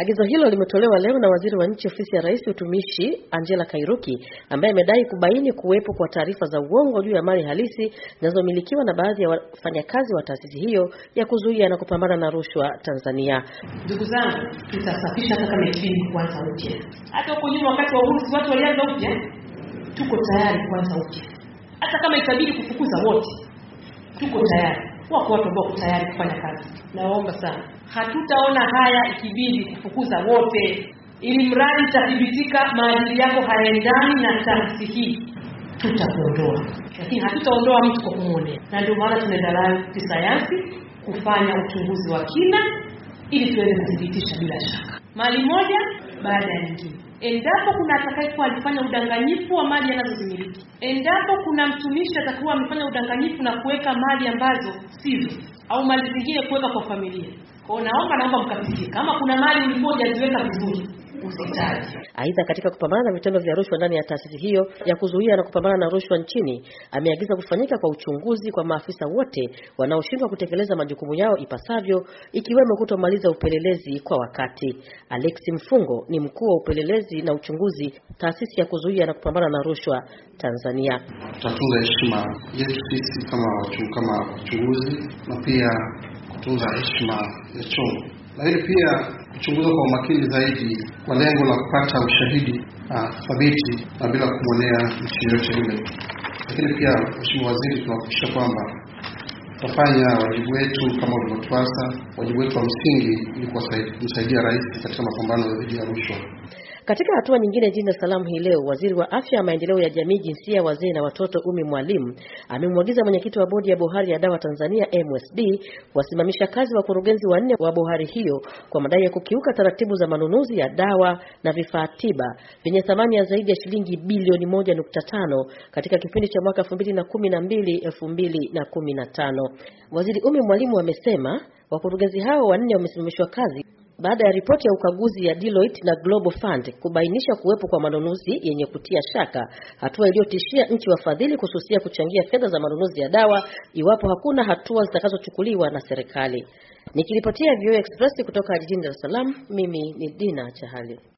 Agizo hilo limetolewa leo na waziri wa nchi ofisi ya rais utumishi, Angela Kairuki, ambaye amedai kubaini kuwepo kwa taarifa za uongo juu ya mali halisi zinazomilikiwa na baadhi ya wafanyakazi wa taasisi hiyo ya kuzuia na kupambana na rushwa Tanzania. Ndugu zangu, tutasafisha hata kama ikibidi kuanza upya. Hata huko nyuma wakati wa uhuru watu walianza upya, tuko tayari kuanza upya, hata kama itabidi kufukuza wote, tuko tayari wako watu ambao tayari kufanya kazi. Nawaomba sana, hatutaona haya ikibidi kufukuza wote, ili mradi itathibitika maadili yako hayaendani na taasisi hii, tutakuondoa, lakini hatutaondoa mtu kwa kumwonea. Na ndio maana tunaenda nayo kisayansi kufanya uchunguzi wa kina, ili tuweze kuthibitisha bila shaka mali moja baada ya nyingine endapo kuna atakayekuwa alifanya udanganyifu wa mali anazozimiliki, endapo kuna mtumishi atakuwa amefanya udanganyifu na kuweka mali ambazo sizo au mali zingine kuweka kwa familia kwao, naomba naomba mkapitie, kama kuna mali moja ziweka vizuri uzitaji. Aidha, katika kupambana na vitendo vya rushwa ndani ya taasisi hiyo ya kuzuia na kupambana na rushwa nchini, ameagiza kufanyika kwa uchunguzi kwa maafisa wote wanaoshindwa kutekeleza majukumu yao ipasavyo, ikiwemo kutomaliza upelelezi kwa wakati. Alexi Mfungo ni mkuu wa upelelezi na uchunguzi, taasisi ya kuzuia na kupambana na rushwa Tanzania. Tutatunza heshima yetu sisi kama wachunguzi na pia kutunza heshima ya chombo lakini pia kuchunguza kwa umakini zaidi kwa lengo la kupata ushahidi ah, thabiti na bila kumwonea nchi yoyote yule. Lakini pia Mheshimiwa Waziri, tunahakikisha kwamba tutafanya wajibu wetu kama ulivyotuasa, wajibu wetu wa msingi ili kumsaidia rais katika mapambano dhidi ya rushwa. Katika hatua nyingine, jijini Dar es Salaam hii leo, waziri wa afya, maendeleo ya jamii, jinsia, wazee na watoto Umi Mwalimu amemwagiza mwenyekiti wa bodi ya bohari ya dawa Tanzania MSD kuwasimamisha kazi wakurugenzi wanne wa bohari hiyo kwa madai ya kukiuka taratibu za manunuzi ya dawa na vifaa tiba vyenye thamani ya zaidi ya shilingi bilioni 1.5 katika kipindi cha mwaka 2012 2015. Waziri Umi Mwalimu amesema wakurugenzi hao wanne wamesimamishwa kazi baada ya ripoti ya ukaguzi ya Deloitte na Global Fund kubainisha kuwepo kwa manunuzi yenye kutia shaka, hatua iliyotishia nchi wafadhili kususia kuchangia fedha za manunuzi ya dawa iwapo hakuna hatua zitakazochukuliwa na serikali. Nikiripotia VOA Express kutoka jijini Dar es Salaam, mimi ni Dina Chahali.